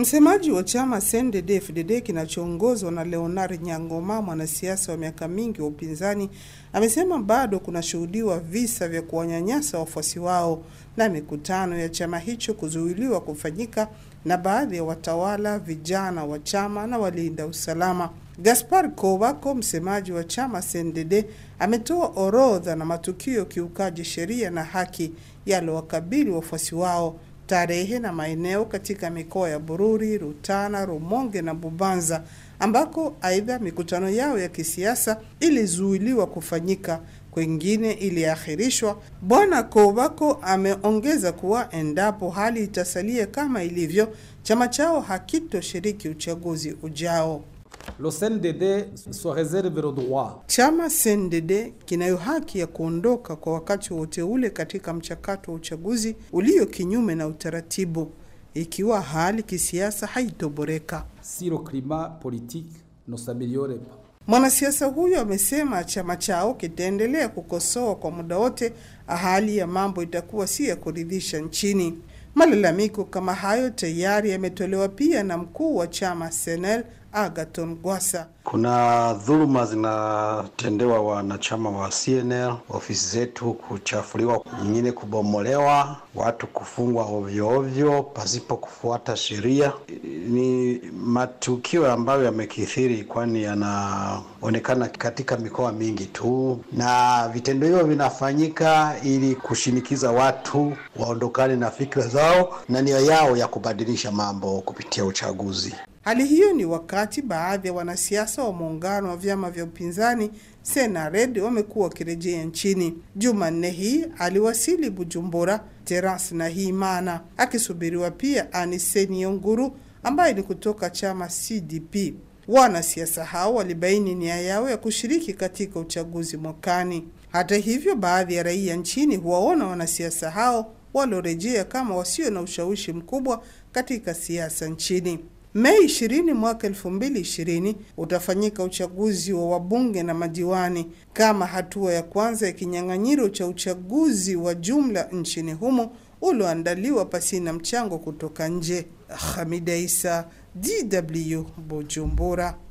Msemaji wa chama CNDD-FDD kinachoongozwa na Leonard Nyangoma, mwanasiasa wa miaka mingi wa upinzani, amesema bado kunashuhudiwa visa vya kuwanyanyasa wafuasi wao na mikutano ya chama hicho kuzuiliwa kufanyika na baadhi ya watawala, vijana wa chama na walinda usalama. Gaspar Kowako, msemaji wa chama CNDD, ametoa orodha na matukio kiukaji sheria na haki wakabili wafuasi wao tarehe na maeneo katika mikoa ya Bururi, Rutana, Rumonge na Bubanza ambako aidha mikutano yao ya kisiasa ilizuiliwa kufanyika, kwengine iliahirishwa. Bwana Kobako ameongeza kuwa endapo hali itasalia kama ilivyo, chama chao hakitoshiriki uchaguzi ujao lo CNDD so reserve le droit. Chama CNDD kinayo haki ya kuondoka kwa wakati wote ule katika mchakato wa uchaguzi ulio kinyume na utaratibu ikiwa hali kisiasa haitoboreka. Si le climat politique ne s'améliore pas. Mwanasiasa huyo amesema chama chao kitaendelea kukosoa kwa muda wote hali ya mambo itakuwa si ya kuridhisha nchini. Malalamiko kama hayo tayari yametolewa pia na mkuu wa chama Senel Agaton Gwasa. Kuna dhuluma zinatendewa wanachama wa CNL, ofisi zetu kuchafuliwa, nyingine kubomolewa, watu kufungwa ovyo ovyo pasipo kufuata sheria. Ni matukio ambayo yamekithiri, kwani yanaonekana katika mikoa mingi tu, na vitendo hivyo vinafanyika ili kushinikiza watu waondokane na fikra zao na nia yao ya kubadilisha mambo kupitia uchaguzi. Hali hiyo ni wakati baadhi ya wanasiasa wa muungano wa vyama vya upinzani Senared wamekuwa wakirejea nchini. Jumanne hii aliwasili Bujumbura hii Nahimana akisubiriwa pia Anise Niyonkuru ambayo ni kutoka chama CDP. Wanasiasa hao walibaini nia yao ya kushiriki katika uchaguzi mwakani. Hata hivyo, baadhi ya raia nchini huwaona wanasiasa hao waliorejea kama wasio na ushawishi mkubwa katika siasa nchini. Mei 20 mwaka 2020 utafanyika uchaguzi wa wabunge na madiwani kama hatua ya kwanza ya kinyang'anyiro cha uchaguzi wa jumla nchini humo ulioandaliwa pasina mchango kutoka nje. Hamida Isa, DW, Bujumbura.